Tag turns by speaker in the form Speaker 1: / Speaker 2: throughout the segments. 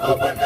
Speaker 1: Open an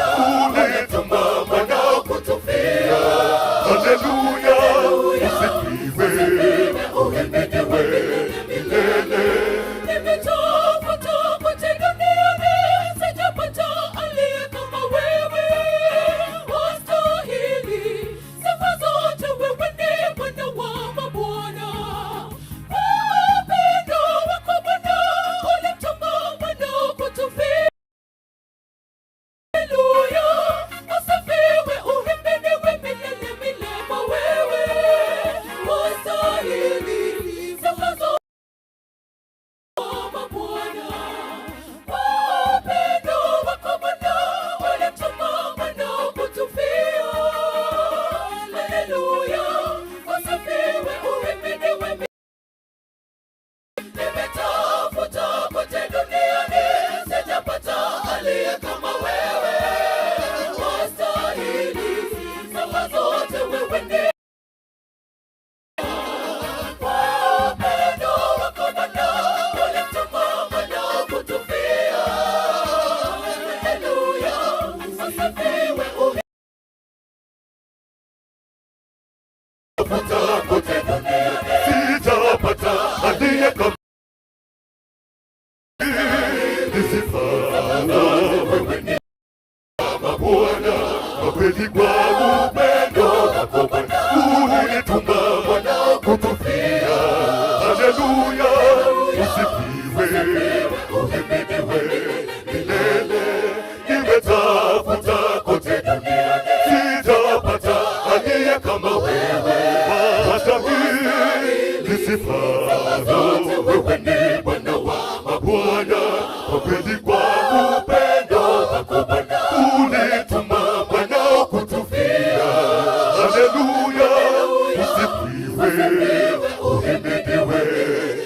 Speaker 1: igual o
Speaker 2: Uhimidiwe, milele.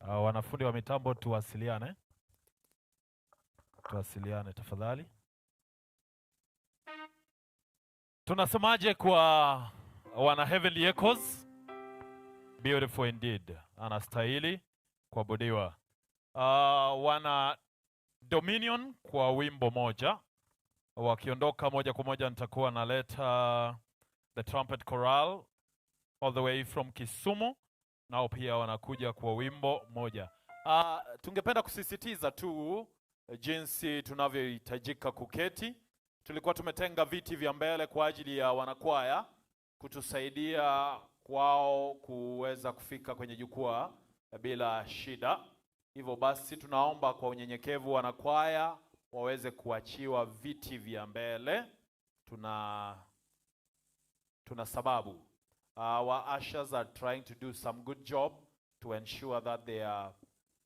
Speaker 2: Uh, wanafundi wa mitambo tuwasiliane, tuwasiliane tafadhali. Tunasemaje kwa wana Heavenly Echoes? Beautiful indeed. Anastahili kuabudiwa. Uh, wana Dominion kwa wimbo moja wakiondoka moja kwa moja nitakuwa naleta the trumpet choral all the way from Kisumu, nao pia wanakuja kwa wimbo moja. Uh, tungependa kusisitiza tu eh, jinsi tunavyohitajika kuketi Tulikuwa tumetenga viti vya mbele kwa ajili ya wanakwaya kutusaidia kwao kuweza kufika kwenye jukwaa bila shida. Hivyo basi, tunaomba kwa unyenyekevu wanakwaya waweze kuachiwa viti vya mbele. Tuna tuna sababu. Our uh, ushers are trying to do some good job to ensure that they are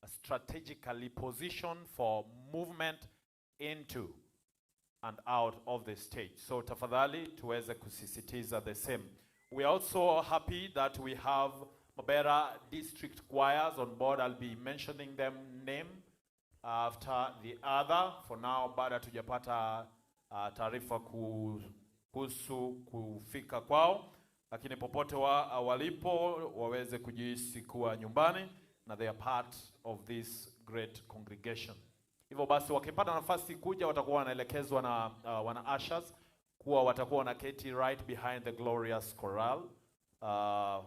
Speaker 2: strategically positioned for movement into and out of the stage. So tafadhali tuweze kusisitiza the same. We are also happy that we have Mabera district choirs on board. I'll be mentioning them name after the other. For now, Bada hatujapata uh, tarifa kuhusu kufika kwao, lakini popote wa, walipo waweze kujisikua nyumbani na they are part of this great congregation. Hivyo basi wakipata nafasi kuja watakuwa wanaelekezwa na uh, wana ushers kuwa watakuwa wanaketi right behind the glorious chorale uh,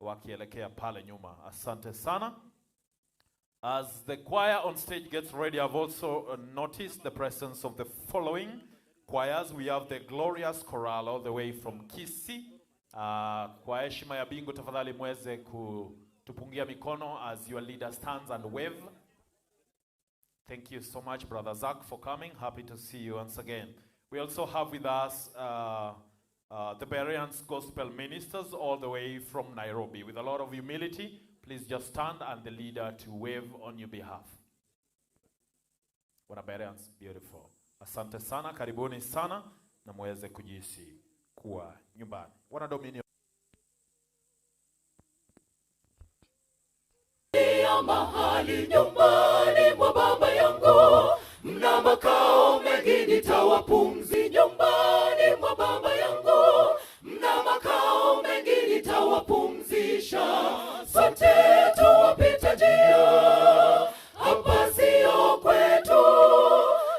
Speaker 2: wakielekea pale nyuma. Asante sana. As the choir on stage gets ready, I've also uh, noticed the presence of the following choirs. We have the glorious chorale all the way from Kisii. Uh, kwa heshima ya bingu tafadhali mweze kutupungia mikono as your leader stands and wave. Thank you so much, Brother Zach, for coming. Happy to see you once again.
Speaker 1: We also have with us uh, uh, the Berians Gospel ministers all the way from Nairobi. With a lot of humility, please just stand and the leader to wave on your behalf.
Speaker 2: Wana Bereans, beautiful. Asante sana, karibuni sana, na muweze kujisi kuwa nyumbani. Wana Dominion.
Speaker 1: mahali nyumbani mwa makao mengi, tawapumzi nyumbani mwa baba yangu, mna makao mengi, nitawapumzisha. Sote tuwapita njia, hapa sio kwetu,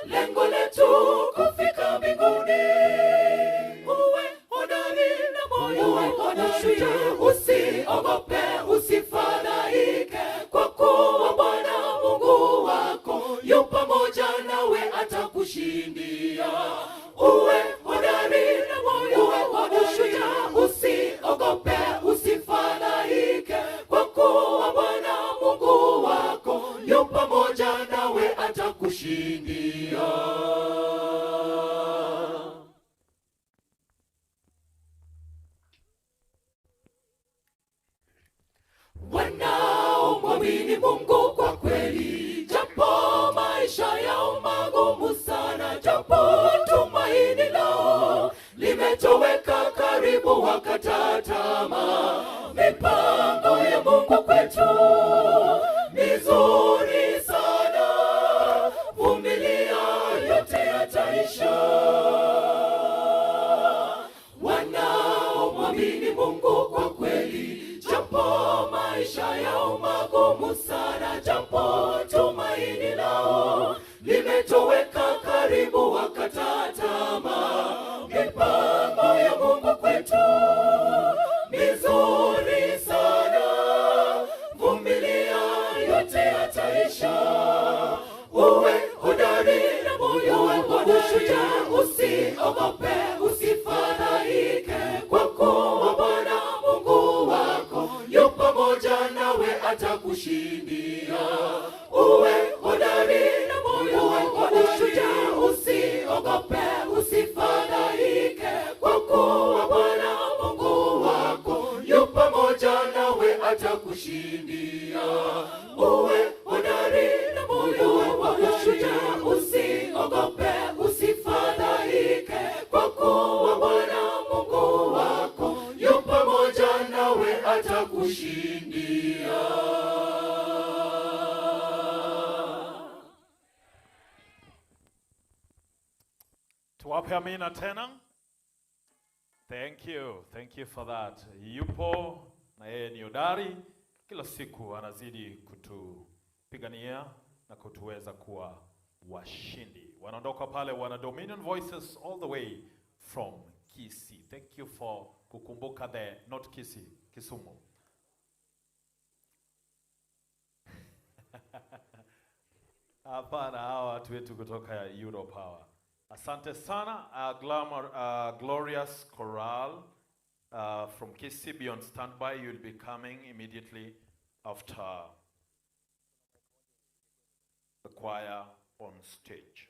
Speaker 1: lengo letu kufika mbinguni. Uwe hodari na moyo na hodari, usiogope, usifadhaike kwa kuwa pamoja nawe atakushindia uwe kutoweka karibu, wakata tamaa. Mipango ya Mungu kwetu mizuri sana, vumilia, yote yataisha. Uwe hodari na moyo wako shujaa, usiogope, usifadhaike, kwa kuwa Bwana Mungu wako yu pamoja nawe, atakushindia. Uwe kushindia. Uwe hodari na moyo wa ushujaa, usiogope, usifadhaike, kwa kuwa Bwana Mungu wako yu pamoja nawe, atakushindia.
Speaker 2: Tuwape amina tena. Thank you. Thank you for that. Yupo na yeye ni hodari kila siku anazidi kutupigania na kutuweza kuwa washindi. Wanaondoka pale wana Dominion Voices all the way from Kisi. Thank you for kukumbuka the not Kisi, Kisumu. Hapana, hawa watu wetu kutoka Europe hawa. Asante sana uh, Glamour, uh, Glorious Coral uh, from KCB on standby. You'll be coming immediately after the choir on stage.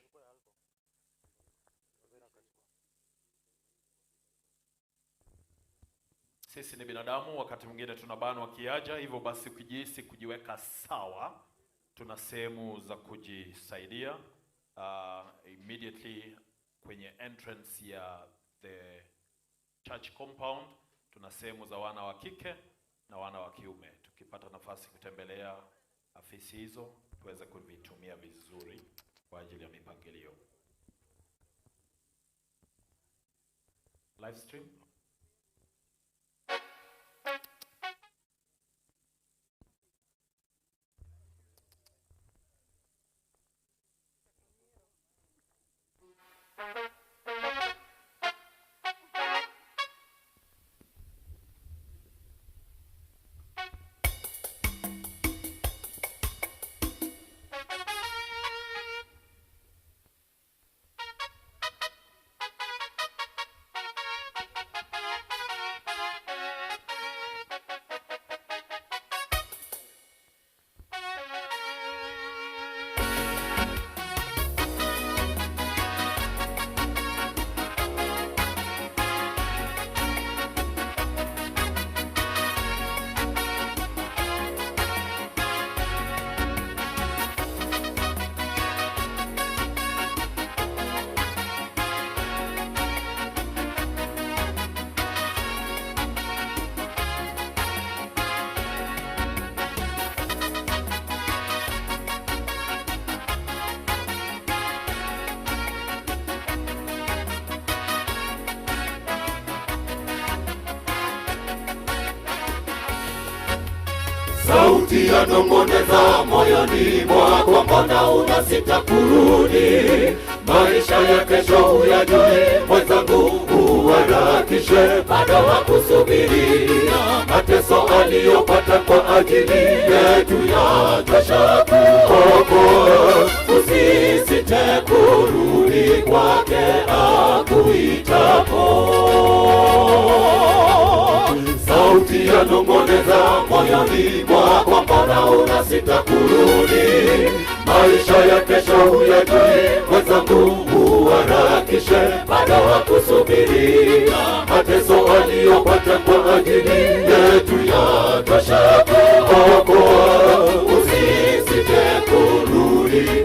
Speaker 2: Sisi ni binadamu, wakati mwingine tunabanwa kiaja. Hivyo basi, ukijihisi kujiweka sawa, tuna sehemu za kujisaidia uh, immediately kwenye entrance ya the church compound tuna sehemu za wana wa kike na wana wa kiume. Tukipata nafasi kutembelea afisi hizo, tuweze kuvitumia vizuri kwa ajili ya mipangilio live stream.
Speaker 1: sauti yanong'oneza moyoni mwako, mbona unasita kurudi? Maisha ya kesho huyajui, mwenzangu uharakishe, bado hakusubiria mateso aliyopata kwa ajili yetu yatosha kuokoa. Usisite kurudi kwake. kazi, kwa pana unasita kurudi. Maisha ya kesho huyajui, mwenzangu uharakishe, bado hakusubiri. Mateso aliyopata kwa ajili yetu yatosha kuokoa, usisite kurudi.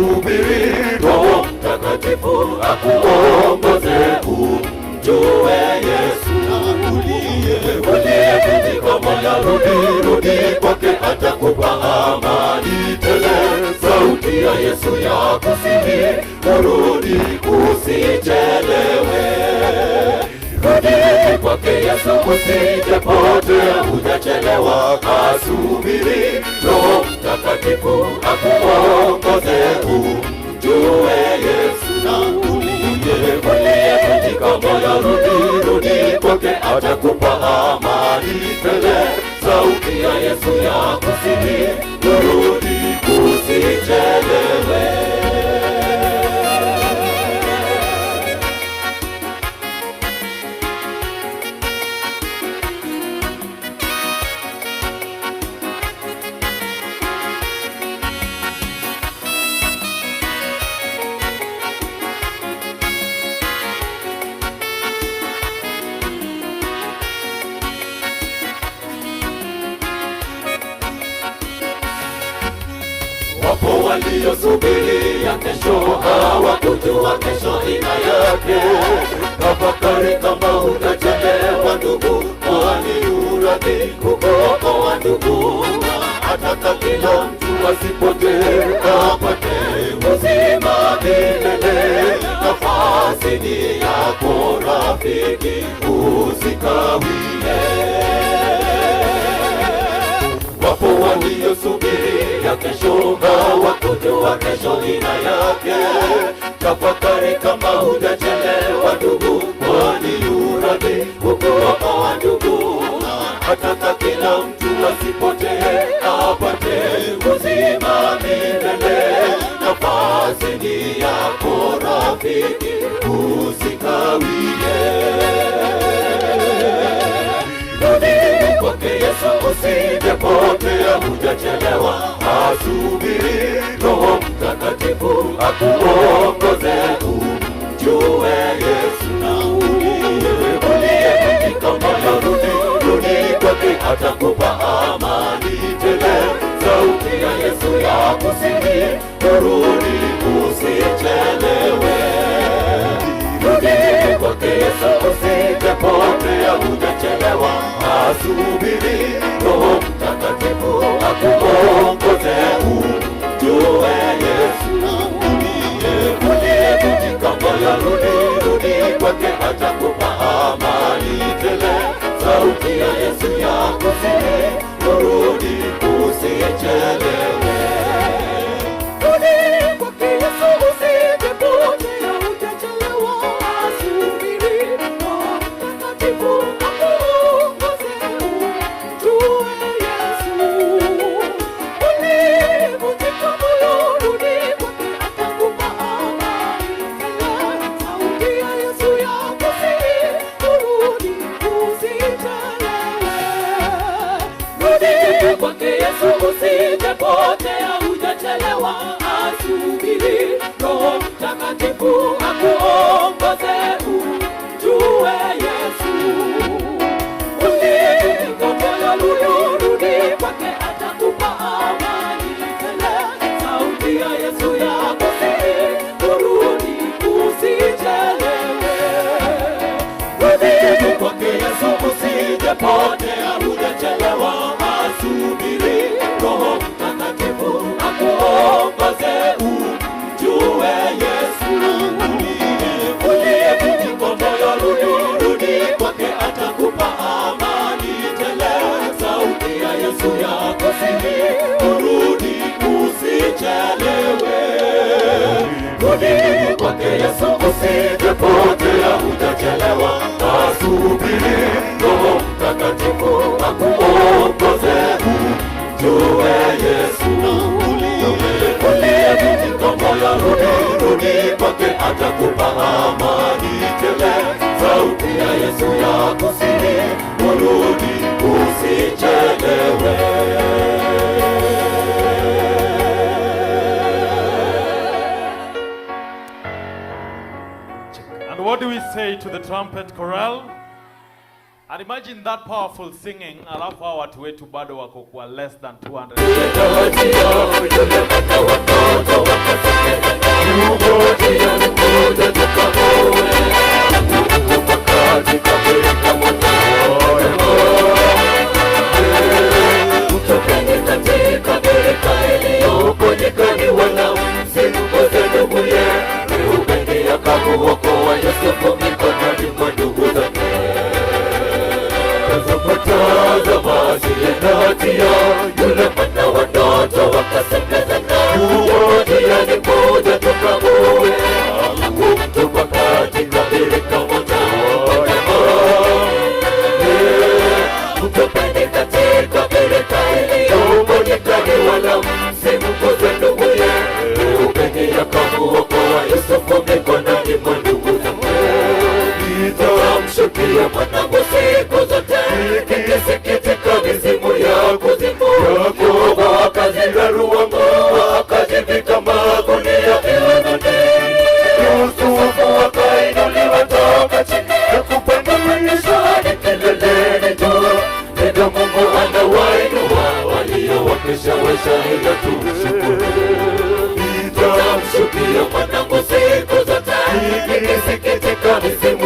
Speaker 1: tuhubiri Roho Mtakatifu akuongoze umjue Yesu uliye moyo, rudi rudi kwake, atakupa amani tele. Sauti ya Yesu ya kusihi, urudi usichelewe. Rudi kwake Yesu, usijepote, hujachelewa, kasubiri Roho Mtakatifu akuongoze umjue Yesu na umlilie uliyevunjika moyo, rudi rudi kwake, atakupa amani tele. Sauti ya Yesu ya kesho ina yake. Tafakari kama utachelewa ndugu, kwani uradhi kukuokoa ndugu. Ataka kila mtu asipotee apate uzima milele. Nafasi ni yako rafiki, usikawie waliosubiria kesho hawakujua kesho ina yake tafakari kama hujachelewa ndugu, kwani yuradi kukuokoa wa ndugu, ataka kila mtu asipotee, apate uzima milele. Nafasi ni yako rafiki, usikawie. usije potea, hujachelewa. Asubiri Roho Mtakatifu akuongoze ujue Yesu na uliye katika moyo, rudi rudi kwake, atakupa amani tele. Sauti ya Yesu ya kusini tunasubiri Roho Mtakatifu akuone usini, urudi usichelewe. Rudi kwake Yesu usijepotea, utachelewa. Asubiri Roho Mtakatifu akuongoze umjue Yesu uliye katika moyo. Rudi, rudi kwake atakupa amani tele. Sauti ya Yesu ya kusini, urudi usichelewe.
Speaker 2: what do we say to the trumpet choral? And imagine that powerful singing, alafu hao watu wetu bado wako kwa less than 200
Speaker 1: yakamuokoa Yosefu mikononi mwa ndugu zake. Zapata za mawasiliano yule Odyssey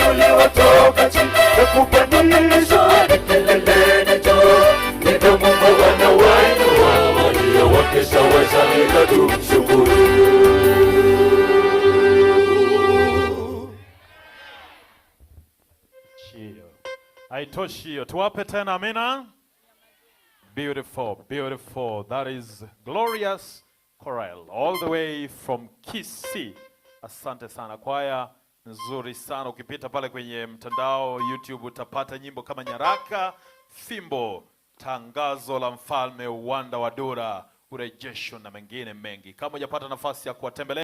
Speaker 1: kuliwatoka chini na wana ila tumshukuru.
Speaker 2: Haitoshi hiyo, tuwape tena. Amina. Beautiful, beautiful. That is glorious choral all the way from Kisii. Asante sana kwaya nzuri sana. Ukipita pale kwenye mtandao YouTube utapata nyimbo kama Nyaraka, Fimbo, Tangazo la Mfalme, Uwanda wa Dura, Urejesho na mengine mengi. Kama hujapata nafasi ya kuwatembelea